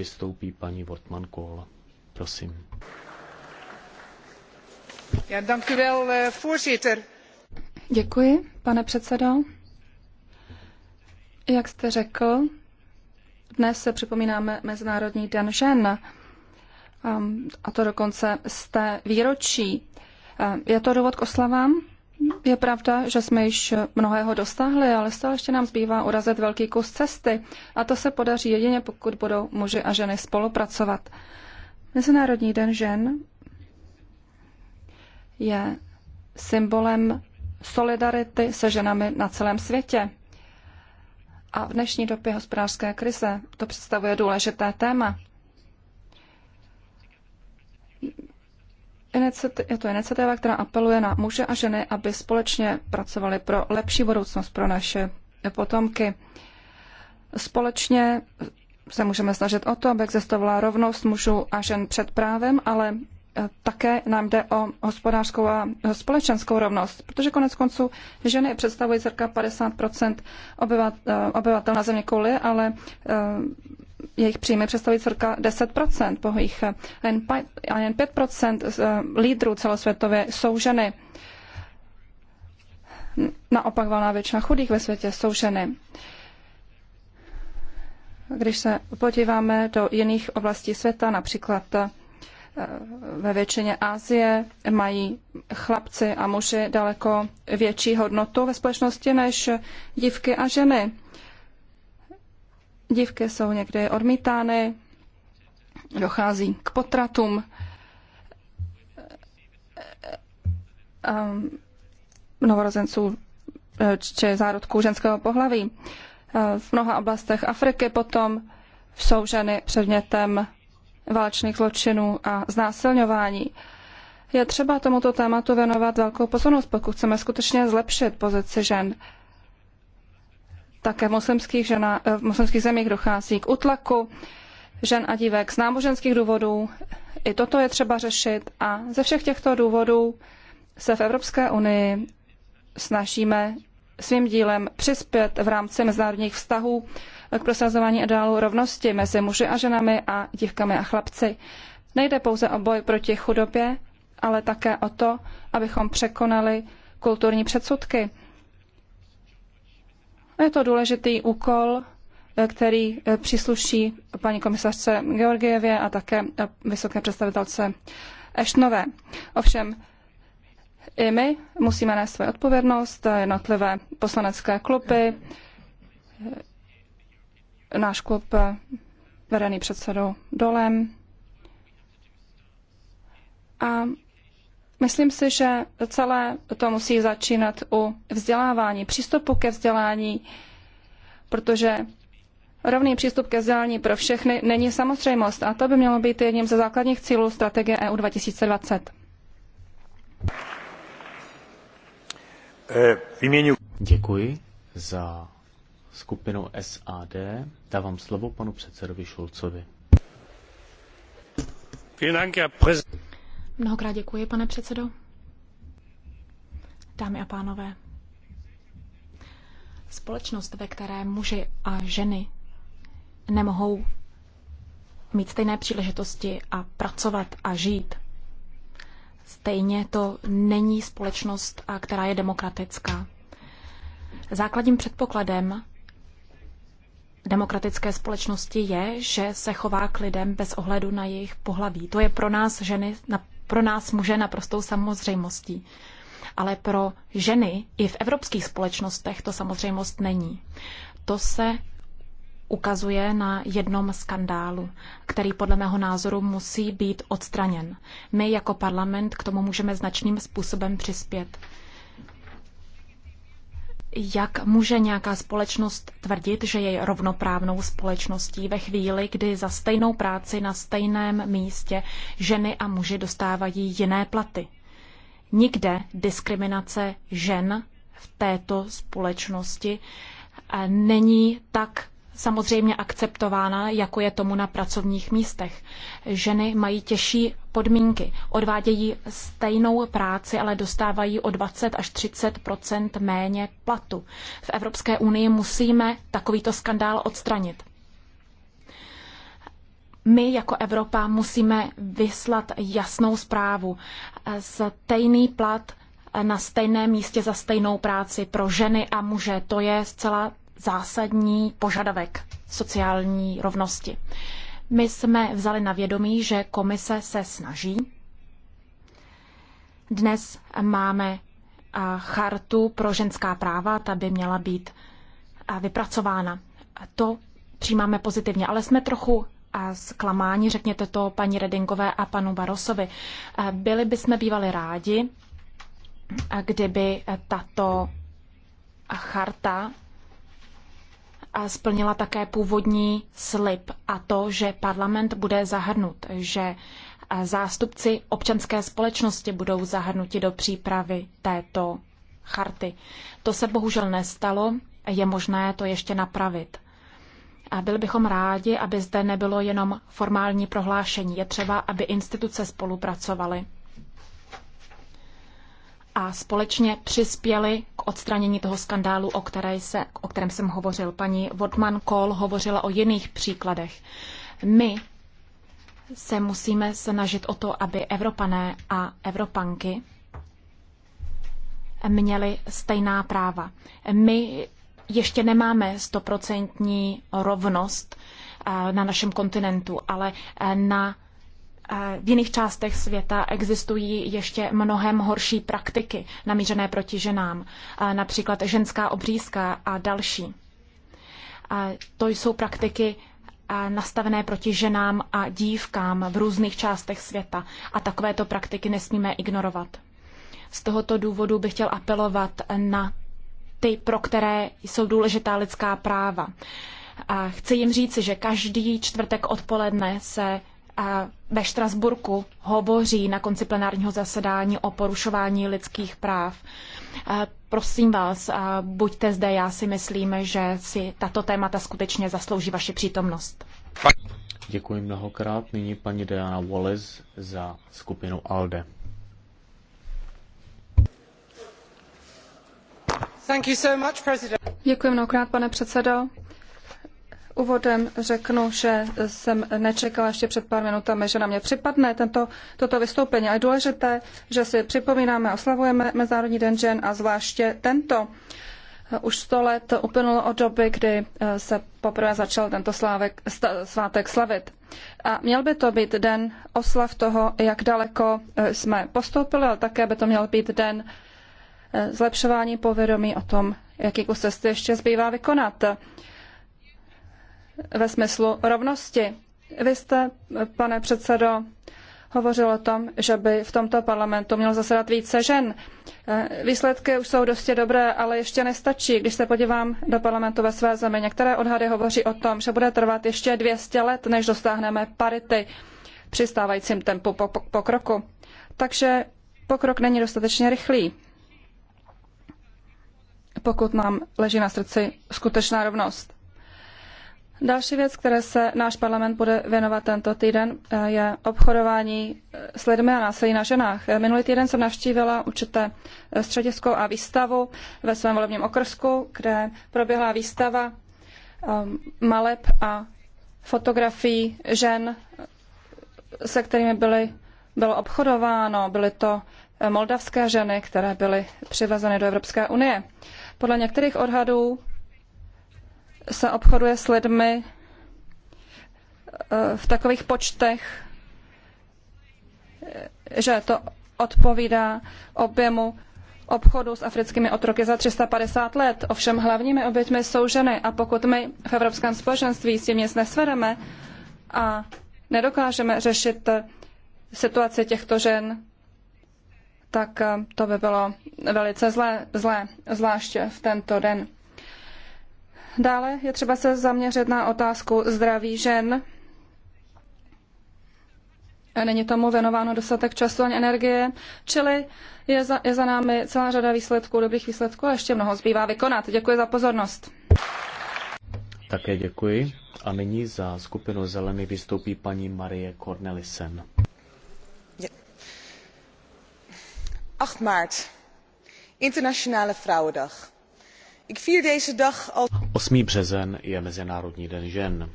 vystoupí paní Wortmann Kohl. Prosím. Ja, dank u wel, eh, voorzitter. Děkuji, pane předsedo. Jak jste řekl, dnes se připomínáme Mezinárodní den žen, ehm, a to dokonce z té výročí. Ehm, je to důvod k oslavám? Je pravda, že jsme již mnohého dosáhli, ale stále ještě nám zbývá urazit velký kus cesty a to se podaří jedině, pokud budou muži a ženy spolupracovat. Mezinárodní den žen je symbolem solidarity se ženami na celém světě. A v dnešní době hospodářské krize to představuje důležité téma. je to iniciativa, která apeluje na muže a ženy, aby společně pracovali pro lepší budoucnost pro naše potomky. Společně se můžeme snažit o to, aby existovala rovnost mužů a žen před právem, ale eh, také nám jde o hospodářskou a společenskou rovnost, protože konec konců ženy představují cirka 50 obyvatel, eh, obyvatel na země kouli, ale eh, jejich příjmy představují cirka 10 pohojích a jen 5 eh, lídrů celosvětově jsou ženy. Naopak valná většina chudých ve světě jsou ženy. Když se podíváme do jiných oblastí světa, například eh, ve většině Asie mají chlapci a muži daleko větší hodnotu ve společnosti než dívky a ženy. Dívky jsou někde odmítány, dochází k potratům. Ehm, novorozenců e, či zárodků ženského pohlaví. E, v mnoha oblastech Afriky potom jsou ženy předmětem válečných zločinů a znásilňování. Je třeba tomuto tématu věnovat velkou pozornost, pokud chceme skutečně zlepšit pozici žen. Také v muslimských, žena, eh, v muslimských zemích dochází k utlaku žen a dívek z náboženských důvodů. I toto je třeba řešit a ze všech těchto důvodů se v Evropské unii snažíme svým dílem přispět v rámci mezinárodních vztahů k prosazování ideálu rovnosti mezi muži a ženami a dívkami a chlapci. Nejde pouze o boj proti chudobě, ale také o to, abychom překonali kulturní předsudky je to důležitý úkol, eh, který eh, přísluší paní komisařce Georgievě a také eh, vysoké představitelce Eštnové. Ovšem, i my musíme nést svoji odpovědnost, jednotlivé poslanecké kluby, náš klub vedený předsedou Dolem. A Myslím si, že celé to musí začínat u vzdělávání, přístupu ke vzdělání, protože rovný přístup ke vzdělání pro všechny není samozřejmost a to by mělo být jedním ze základních cílů strategie EU 2020. E, Děkuji za skupinu SAD. Dávám slovo panu předsedovi Šulcovi. Mnohokrát děkuji, pane předsedo. Dámy a pánové, společnost, ve které muži a ženy nemohou mít stejné příležitosti a pracovat a žít. Stejně to není společnost, která je demokratická. Základním předpokladem demokratické společnosti je, že se chová k lidem bez ohledu na jejich pohlaví. To je pro nás ženy pro nás muže naprostou samozřejmostí. Ale pro ženy i v evropských společnostech to samozřejmost není. To se ukazuje na jednom skandálu, který podle mého názoru musí být odstraněn. My jako parlament k tomu můžeme značným způsobem přispět. Jak může nějaká společnost tvrdit, že je rovnoprávnou společností ve chvíli, kdy za stejnou práci na stejném místě ženy a muži dostávají jiné platy? Nikde diskriminace žen v této společnosti eh, není tak samozřejmě akceptována, jako je tomu na pracovních místech. Ženy mají těžší podmínky, odvádějí stejnou práci, ale dostávají o 20 až 30 méně platu. V Evropské unii musíme takovýto skandál odstranit. My jako Evropa musíme vyslat jasnou zprávu. Stejný plat na stejném místě za stejnou práci pro ženy a muže. To je zcela zásadní požadavek sociální rovnosti. My jsme vzali na vědomí, že komise se snaží. Dnes máme chartu pro ženská práva, ta by měla být vypracována. To přijímáme pozitivně, ale jsme trochu a zklamáni, řekněte to paní Redingové a panu Barosovi. Byli bychom bývali rádi, kdyby tato charta splnila také původní slib a to, že parlament bude zahrnut, že e, zástupci občanské společnosti budou zahrnuti do přípravy této charty. To se bohužel nestalo, je možné to ještě napravit. A byli bychom rádi, aby zde nebylo jenom formální prohlášení. Je třeba, aby instituce spolupracovaly a společně přispěli k odstranění toho skandálu, o, které se, o kterém jsem hovořil. Paní Vodman Kohl hovořila o jiných příkladech. My se musíme snažit o to, aby Evropané a Evropanky měli stejná práva. My ještě nemáme stoprocentní rovnost eh, na našem kontinentu, ale eh, na Eh, v jiných částech světa existují ještě mnohem horší praktiky namířené proti ženám, eh, například ženská obřízka a další. Eh, to jsou praktiky nastavené proti ženám a dívkám v různých částech světa a takovéto praktiky nesmíme ignorovat. Z tohoto důvodu bych chtěl apelovat na ty, pro které jsou důležitá lidská práva. A chci jim říci, že každý čtvrtek odpoledne se ve Štrasburku hovoří na konci plenárního zasedání o porušování lidských práv. Prosím vás, buďte zde, já si myslím, že si tato témata skutečně zaslouží vaši přítomnost. Děkuji mnohokrát. Nyní paní Diana Wallace za skupinu ALDE. Děkuji mnohokrát, pane předsedo. Úvodem řeknu, že jsem nečekala ještě před pár minutami, že na mě připadne tento, toto vystoupení. A je důležité, že si připomínáme a oslavujeme Mezinárodní den žen a zvláště tento. Už sto let uplynulo od doby, kdy eh, se poprvé začal tento slávek, svátek slavit. A měl by to být den oslav toho, jak daleko eh, jsme postoupili, ale také by to měl být den eh, zlepšování povědomí o tom, jaký kus cesty ještě zbývá vykonat ve smyslu rovnosti. Vy jste, pane předsedo, hovořil o tom, že by v tomto parlamentu mělo zasedat více žen. Eh, výsledky už jsou dosti dobré, ale ještě nestačí. Když se podívám do parlamentu ve své zemi, některé odhady hovoří o tom, že bude trvat ještě 200 let, než dosáhneme parity při stávajícím tempu pokroku. Takže pokrok není dostatečně rychlý, pokud nám leží na srdci skutečná rovnost. Další věc, které se náš parlament bude věnovat tento týden, eh, je obchodování eh, s lidmi a násilí na ženách. Eh, minulý týden jsem navštívila určité středisko a výstavu ve svém volebním okrsku, kde proběhla výstava maleb a fotografií žen, se kterými byly, bylo obchodováno. Byly to moldavské ženy, které byly přivezeny do Evropské unie. Podle některých odhadů se obchoduje s lidmi eh, v takových počtech, eh, že to odpovídá objemu obchodu s africkými otroky za 350 let. Ovšem hlavními oběťmi jsou ženy a pokud my v Evropském společenství s tím nic nesvedeme a nedokážeme řešit eh, situaci těchto žen, tak to by bylo velice zlé, zlé zvláště v tento den. Dále je třeba se zaměřit na otázku zdraví žen. Není tomu věnováno dostatek času ani energie, čili je za, je za námi celá řada výsledků, dobrých výsledků a ještě mnoho zbývá vykonat. Děkuji za pozornost. Také děkuji. A nyní za skupinu Zelený vystoupí paní Marie Cornelissen. 8 maart, Internationale Vrouwendag. 8. březen je Mezinárodní den žen.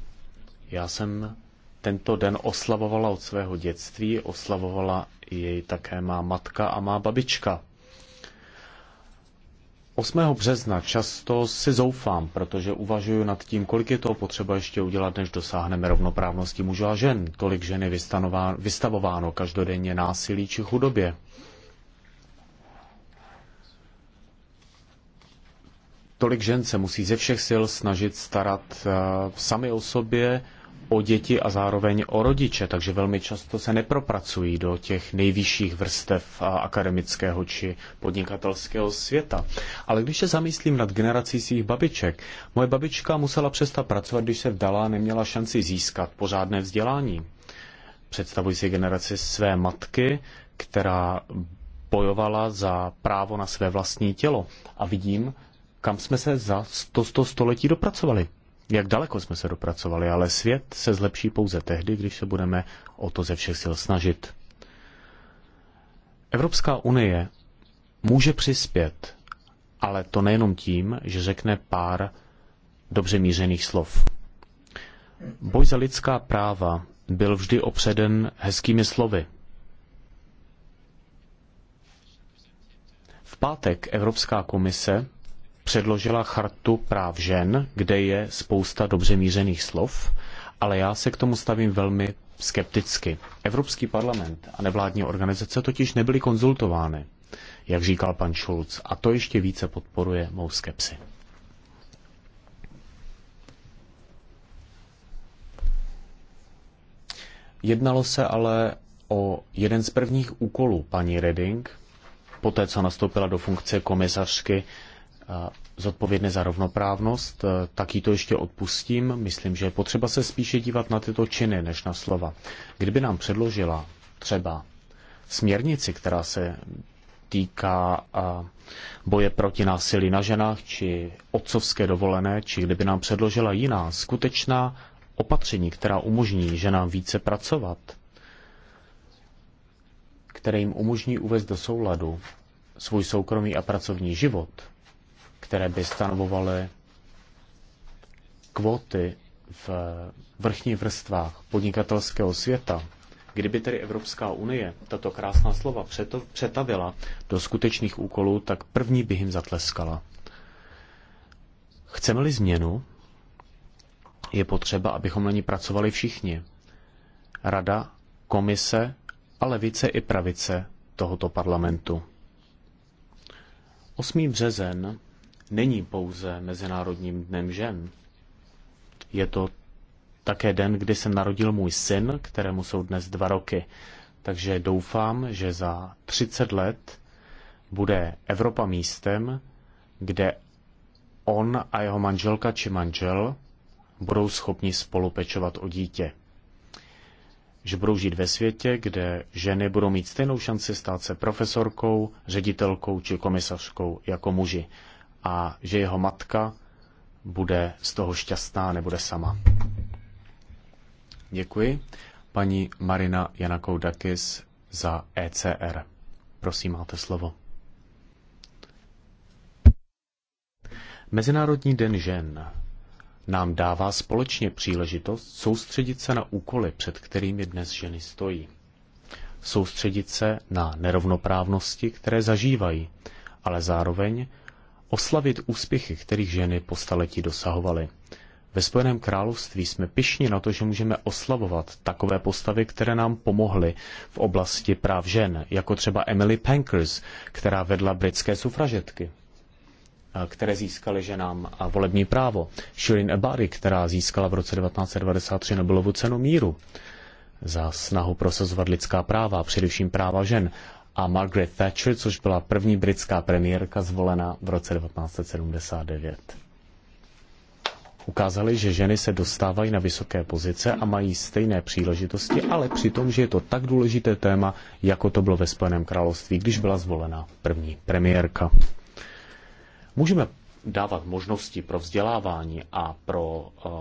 Já jsem tento den oslavovala od svého dětství, oslavovala jej také má matka a má babička. 8. března často si zoufám, protože uvažuji nad tím, kolik je toho potřeba ještě udělat, než dosáhneme rovnoprávnosti mužů a žen. Tolik žen je vystavováno každodenně násilí či chudobě. tolik žen se musí ze všech sil snažit starat eh, sami o sobě, o děti a zároveň o rodiče, takže velmi často se nepropracují do těch nejvyšších vrstev eh, akademického či podnikatelského světa. Ale když se zamyslím nad generací svých babiček, moje babička musela přestat pracovat, když se vdala a neměla šanci získat pořádné vzdělání. Představuji si generaci své matky, která bojovala za právo na své vlastní tělo. A vidím, kam jsme se za to, to století dopracovali. Jak daleko jsme se dopracovali, ale svět se zlepší pouze tehdy, když se budeme o to ze všech sil snažit. Evropská unie může přispět, ale to nejenom tím, že řekne pár dobře mířených slov. Boj za lidská práva byl vždy opředen hezkými slovy. V pátek Evropská komise předložila chartu práv žen, kde je spousta dobře mířených slov, ale já se k tomu stavím velmi skepticky. Evropský parlament a nevládní organizace totiž nebyly konzultovány, jak říkal pan Schulz, a to ještě více podporuje mou skepsi. Jednalo se ale o jeden z prvních úkolů paní Reding, poté co nastoupila do funkce komisařky zodpovědné za rovnoprávnost, eh, tak jí to ještě odpustím. Myslím, že je potřeba se spíše dívat na tyto činy než na slova. Kdyby nám předložila třeba směrnici, která se týká boje proti násilí na ženách, či otcovské dovolené, či kdyby nám předložila jiná skutečná opatření, která umožní ženám více pracovat, které jim umožní uvést do souladu svůj soukromý a pracovní život – které by stanovovaly kvóty v vrchních vrstvách podnikatelského světa, kdyby tedy Evropská unie tato krásná slova přetavila do skutečných úkolů, tak první by jim zatleskala. Chceme-li změnu, je potřeba, abychom na ní pracovali všichni. Rada, komise a levice i pravice tohoto parlamentu. 8. březen není pouze Mezinárodním dnem žen. Je to také den, kdy se narodil můj syn, kterému jsou dnes dva roky. Takže doufám, že za 30 let bude Evropa místem, kde on a jeho manželka či manžel budou schopni spolu pečovat o dítě. Že budou žít ve světě, kde ženy budou mít stejnou šanci stát se profesorkou, ředitelkou či komisařkou jako muži a že jeho matka bude z toho šťastná nebude sama. Děkuji. Paní Marina Janakoudakis za ECR. Prosím, máte slovo. Mezinárodní den žen nám dává společně příležitost soustředit se na úkoly, před kterými dnes ženy stojí. Soustředit se na nerovnoprávnosti, které zažívají, ale zároveň oslavit úspěchy, kterých ženy po staletí dosahovaly. Ve Spojeném království jsme pišni na to, že můžeme oslavovat takové postavy, které nám pomohly v oblasti práv žen, jako třeba Emily Pankers, která vedla britské sufražetky které získaly ženám volební právo. Shirin Ebari, která získala v roce 1993 Nobelovu cenu míru za snahu prosazovat lidská práva, především práva žen a Margaret Thatcher, což byla první britská premiérka zvolena v roce 1979. Ukázali, že ženy se dostávají na vysoké pozice a mají stejné příležitosti, ale přitom, že je to tak důležité téma, jako to bylo ve Spojeném království, když byla zvolena první premiérka. Můžeme dávat možnosti pro vzdělávání a pro uh,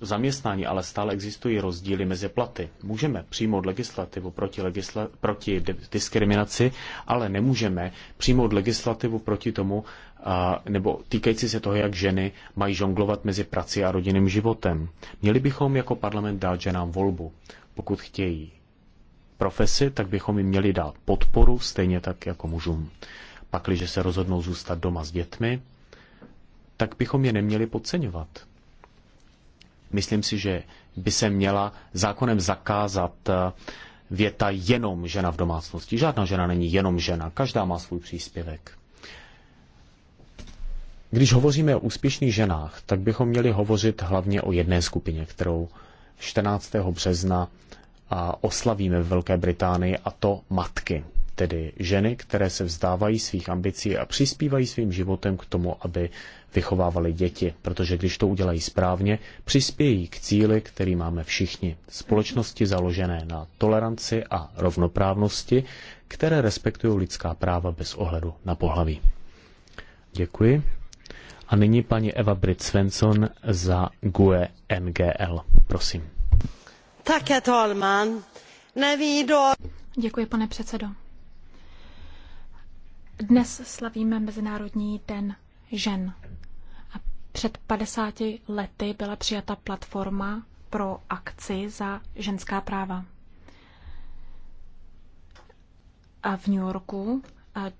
zaměstnání, ale stále existují rozdíly mezi platy. Můžeme přijmout legislativu proti, legisla- proti diskriminaci, ale nemůžeme přijmout legislativu proti tomu, a, nebo týkající se toho, jak ženy mají žonglovat mezi prací a rodinným životem. Měli bychom jako parlament dát ženám volbu, pokud chtějí profesi, tak bychom jim měli dát podporu, stejně tak jako mužům. Pakliže se rozhodnou zůstat doma s dětmi, tak bychom je neměli podceňovat Myslím si, že by se měla zákonem zakázat eh, věta jenom žena v domácnosti. Žádná žena není jenom žena, každá má svůj příspěvek. Když hovoříme o úspěšných ženách, tak bychom měli hovořit hlavně o jedné skupině, kterou 14. března oslavíme v Velké Británii, a to matky tedy ženy, které se vzdávají svých ambicí a přispívají svým životem k tomu, aby vychovávali děti, protože když to udělají správně, přispějí k cíli, který máme všichni. Společnosti založené na toleranci a rovnoprávnosti, které respektují lidská práva bez ohledu na pohlaví. Děkuji. A nyní paní Eva Brit Svensson za GUE NGL. Prosím. Tak, herr Děkuji, pane předsedo. Dnes slavíme Mezinárodní den žen. A před 50 lety byla přijata platforma pro akci za ženská práva. A v New Yorku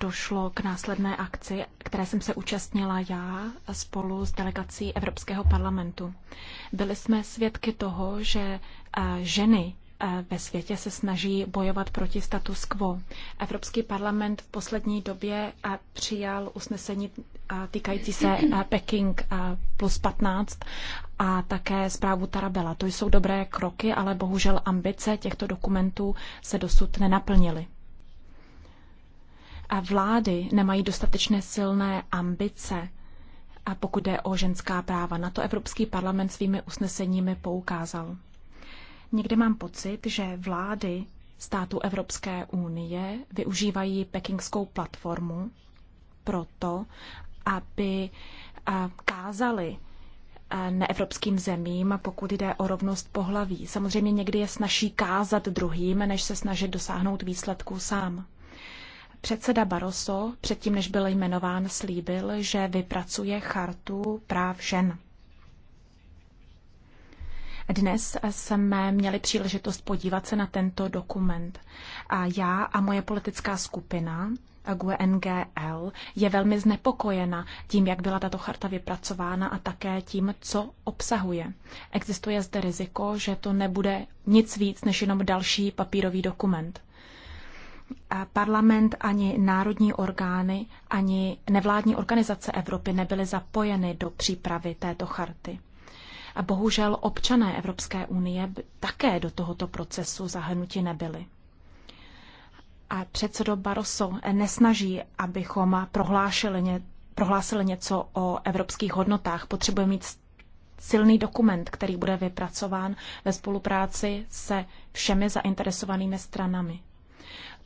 došlo k následné akci, které jsem se účastnila já spolu s delegací Evropského parlamentu. Byli jsme svědky toho, že ženy ve světě se snaží bojovat proti status quo. Evropský parlament v poslední době přijal usnesení týkající se Peking plus 15 a také zprávu Tarabela. To jsou dobré kroky, ale bohužel ambice těchto dokumentů se dosud nenaplnily. A vlády nemají dostatečně silné ambice a pokud jde o ženská práva. Na to Evropský parlament svými usneseními poukázal. Někdy mám pocit, že vlády států Evropské unie využívají pekingskou platformu proto, aby eh, kázali eh, neevropským zemím, pokud jde o rovnost pohlaví. Samozřejmě někdy je snaží kázat druhým, než se snažit dosáhnout výsledků sám. Předseda Barroso, předtím než byl jmenován, slíbil, že vypracuje chartu práv žen. Dnes jsme měli příležitost podívat se na tento dokument. A já a moje politická skupina GUNGL je velmi znepokojena tím, jak byla tato charta vypracována a také tím, co obsahuje. Existuje zde riziko, že to nebude nic víc než jenom další papírový dokument. Parlament ani národní orgány, ani nevládní organizace Evropy nebyly zapojeny do přípravy této charty. A bohužel občané Evropské unie také do tohoto procesu zahrnuti nebyli. A předsedo Barroso nesnaží, abychom prohlásili ně, prohlásili něco o evropských hodnotách. Potřebuje mít silný dokument, který bude vypracován ve spolupráci se všemi zainteresovanými stranami.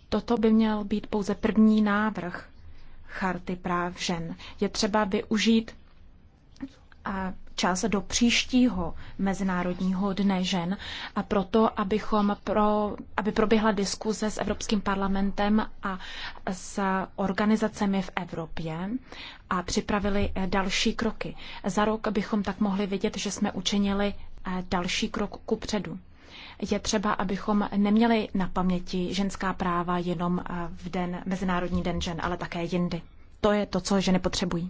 Toto by měl být pouze první návrh charty práv žen. Je třeba využít čas do příštího Mezinárodního dne žen a proto, abychom pro, aby proběhla diskuze s Evropským parlamentem a s organizacemi v Evropě a připravili eh, další kroky. Za rok bychom tak mohli vidět, že jsme učinili eh, další krok ku předu je třeba, abychom neměli na paměti ženská práva jenom eh, v den Mezinárodní den žen, ale také jindy. To je to, co ženy potřebují.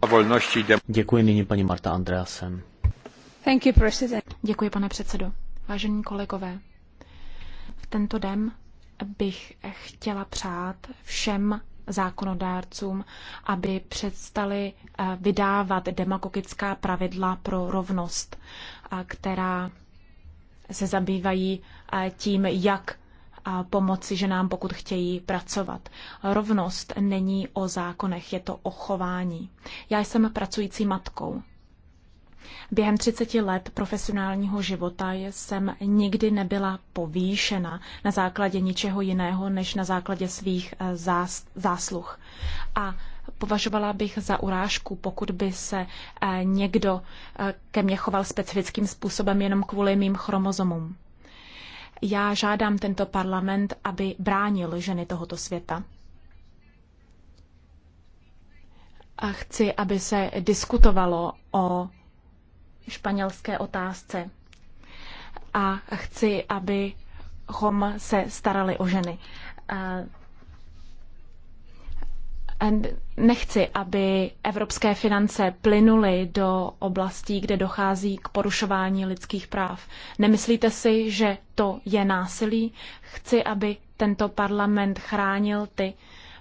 Děkuji nyní paní Marta Andreasen. Děkuji, pane předsedo. Vážení kolegové, v tento den bych chtěla přát všem zákonodárcům, aby přestali eh, vydávat demagogická pravidla pro rovnost, eh, která se zabývají eh, tím, jak pomoci ženám, pokud chtějí pracovat. Rovnost není o zákonech, je to o chování. Já jsem pracující matkou. Během 30 let profesionálního života jsem nikdy nebyla povýšena na základě ničeho jiného než na základě svých eh, zás, zásluh. A považovala bych za urážku, pokud by se eh, někdo eh, ke mně choval specifickým způsobem jenom kvůli mým chromozomům. Já žádám tento parlament, aby bránil ženy tohoto světa. A chci, aby se diskutovalo o španělské otázce. A chci, abychom se starali o ženy. Eh, nechci, aby evropské finance plynuly do oblastí, kde dochází k porušování lidských práv. Nemyslíte si, že to je násilí? Chci, aby tento parlament chránil ty,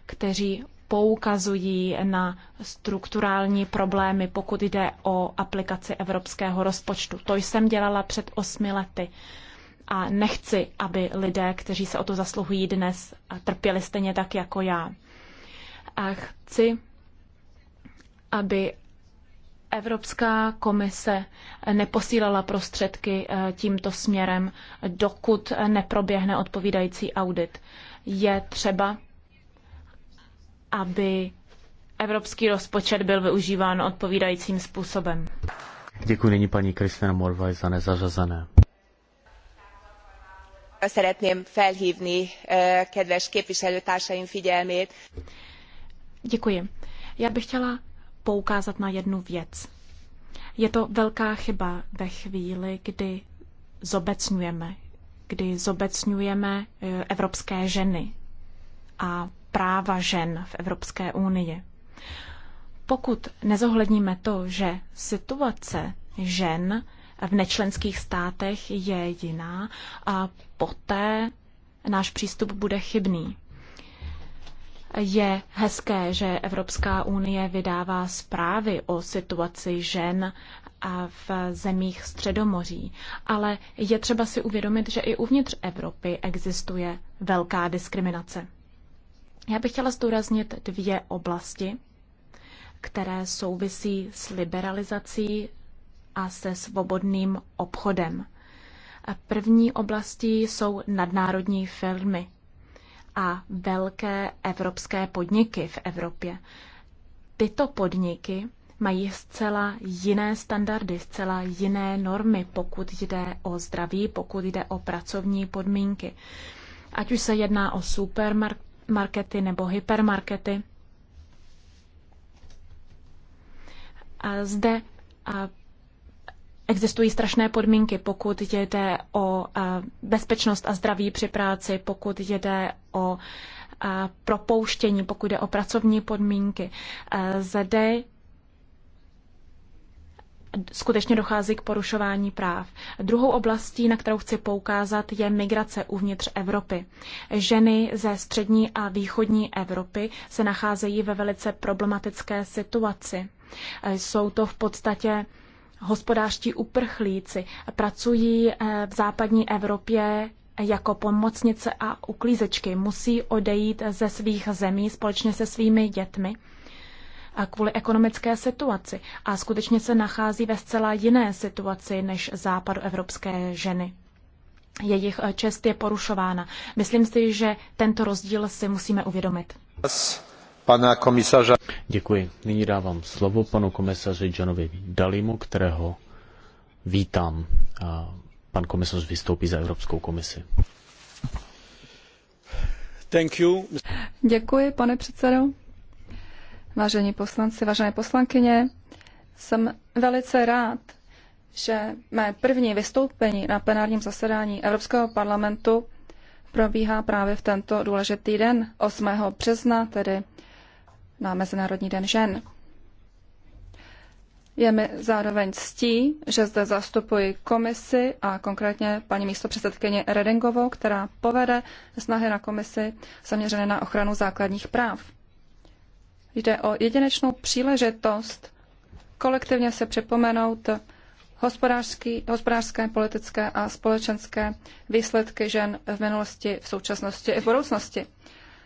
kteří poukazují na strukturální problémy, pokud jde o aplikaci evropského rozpočtu. To jsem dělala před osmi lety a nechci, aby lidé, kteří se o to zasluhují dnes, trpěli stejně tak jako já. A chci, aby Evropská komise neposílala prostředky eh, tímto směrem, dokud neproběhne odpovídající audit. Je třeba, aby evropský rozpočet byl využíván odpovídajícím způsobem. Děkuji nyní paní Kristina Morvaj za nezařazené. Szeretném felhívni eh, kedves képviselőtársaim figyelmét. Děkuji. Já bych chtěla poukázat na jednu věc. Je to velká chyba ve chvíli, kdy zobecňujeme, kdy zobecňujeme eh, evropské ženy a práva žen v Evropské unii. Pokud nezohledníme to, že situace žen v nečlenských státech je jiná, a poté náš přístup bude chybný. Je hezké, že Evropská unie vydává zprávy o situaci žen a v zemích Středomoří, ale je třeba si uvědomit, že i uvnitř Evropy existuje velká diskriminace. Já bych chtěla zdůraznit dvě oblasti, které souvisí s liberalizací a se svobodným obchodem. První oblastí jsou nadnárodní firmy a velké evropské podniky v Evropě. Tyto podniky mají zcela jiné standardy, zcela jiné normy, pokud jde o zdraví, pokud jde o pracovní podmínky. Ať už se jedná o supermark- markety nebo hypermarkety. A zde a existují strašné podmínky, pokud jde o bezpečnost a zdraví při práci, pokud jde o propouštění, pokud jde o pracovní podmínky. Zde skutečně dochází k porušování práv. Druhou oblastí, na kterou chci poukázat, je migrace uvnitř Evropy. Ženy ze střední a východní Evropy se nacházejí ve velice problematické situaci. E, jsou to v podstatě hospodářští uprchlíci, pracují e, v západní Evropě jako pomocnice a uklízečky musí odejít ze svých zemí společně se svými dětmi a kvůli ekonomické situaci a skutečně se nachází ve zcela jiné situaci než západoevropské ženy. Jejich eh, čest je porušována. Myslím si, že tento rozdíl si musíme uvědomit. Pana komisaře. Děkuji. Nyní dávám slovo panu komisaři Janovi Dalimu, kterého vítám. A pan komisař vystoupí za Evropskou komisi. Thank you. Děkuji, pane předsedo vážení poslanci, vážené poslankyně. Jsem velice rád, že mé první vystoupení na plenárním zasedání Evropského parlamentu probíhá právě v tento důležitý den, 8. března, tedy na Mezinárodní den žen. Je mi zároveň ctí, že zde zastupuji komisi a konkrétně paní místopředsedkyně Redingovou, která povede snahy na komisi zaměřené na ochranu základních práv. Jde o jedinečnou příležitost kolektivně se připomenout hospodářský, hospodářské, politické a společenské výsledky žen v minulosti, v současnosti i v budoucnosti.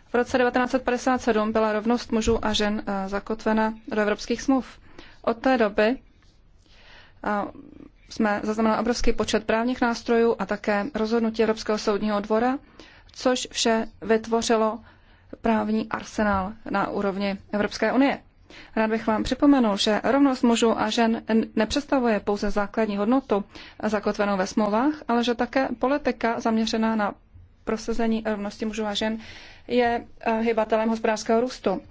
V roce 1957 byla rovnost mužů a žen eh, zakotvena do evropských smluv. Od té doby eh, jsme zaznamenali obrovský počet právních nástrojů a také rozhodnutí Evropského soudního dvora, což vše vytvořilo právní arsenál na úrovni Evropské unie. Rád bych vám připomenul, že rovnost mužů a žen nepředstavuje pouze základní hodnotu zakotvenou ve smlouvách, ale že také politika zaměřená na prosazení rovnosti mužů a žen je eh, hybatelem hospodářského růstu.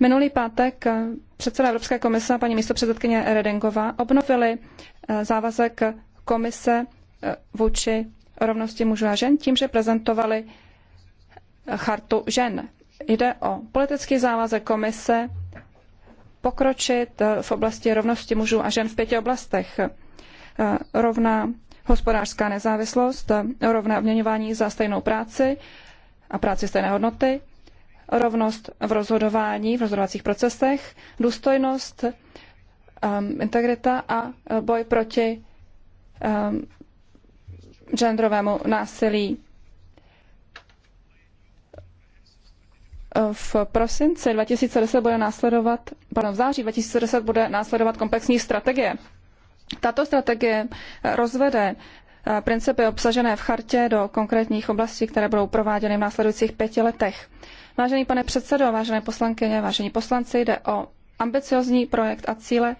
Minulý pátek eh, předseda Evropské komise a paní místopředsedkyně Redengová obnovili eh, závazek komise vůči rovnosti mužů a žen tím, že prezentovali chartu žen. Jde o politický závazek komise pokročit eh, v oblasti rovnosti mužů a žen v pěti oblastech. Eh, rovná hospodářská nezávislost, eh, rovné odměňování za stejnou práci a práci stejné hodnoty, rovnost v rozhodování, v rozhodovacích procesech, důstojnost, ehm, integrita a boj proti ehm, genderovému násilí v prosinci 2010 bude následovat, pardon, v září 2010 bude následovat komplexní strategie. Tato strategie rozvede eh, principy obsažené v chartě do konkrétních oblastí, které budou prováděny v následujících pěti letech. Vážený pane předsedo, vážené poslankyně, vážení poslanci, jde o ambiciozní projekt a cíle,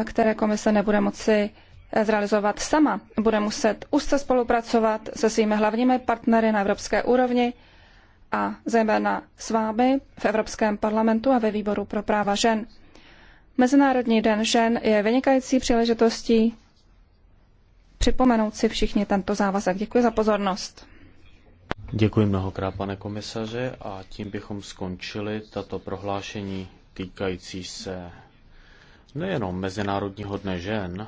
eh, které komise nebude moci eh, zrealizovat sama. Bude muset úzce spolupracovat se svými hlavními partnery na evropské úrovni, a zejména s vámi v Evropském parlamentu a ve výboru pro práva žen. Mezinárodní den žen je vynikající příležitostí připomenout si všichni tento závazek. Děkuji za pozornost. Děkuji mnohokrát, pane komisaři, a tím bychom skončili tato prohlášení týkající se nejenom Mezinárodního dne žen,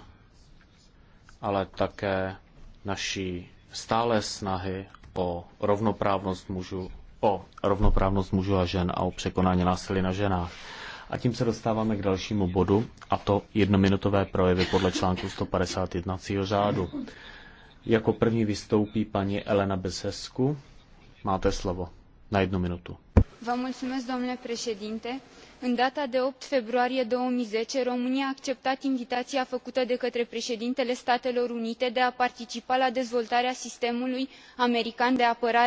ale také naší stálé snahy o rovnoprávnost mužů o rovnoprávnost mužů a žen a o překonání násilí na ženách. A tím se dostáváme k dalšímu bodu, a to jednominutové projevy podle článku 151 jednacího řádu. Jako první vystoupí paní Elena Besesku. Máte slovo na jednu minutu. Vám mulțumesc, domnule președinte. În data de 8 februarie 2010, România a acceptat invitația făcută de către președintele Statelor Unite de a participa la dezvoltarea sistemului american de apărare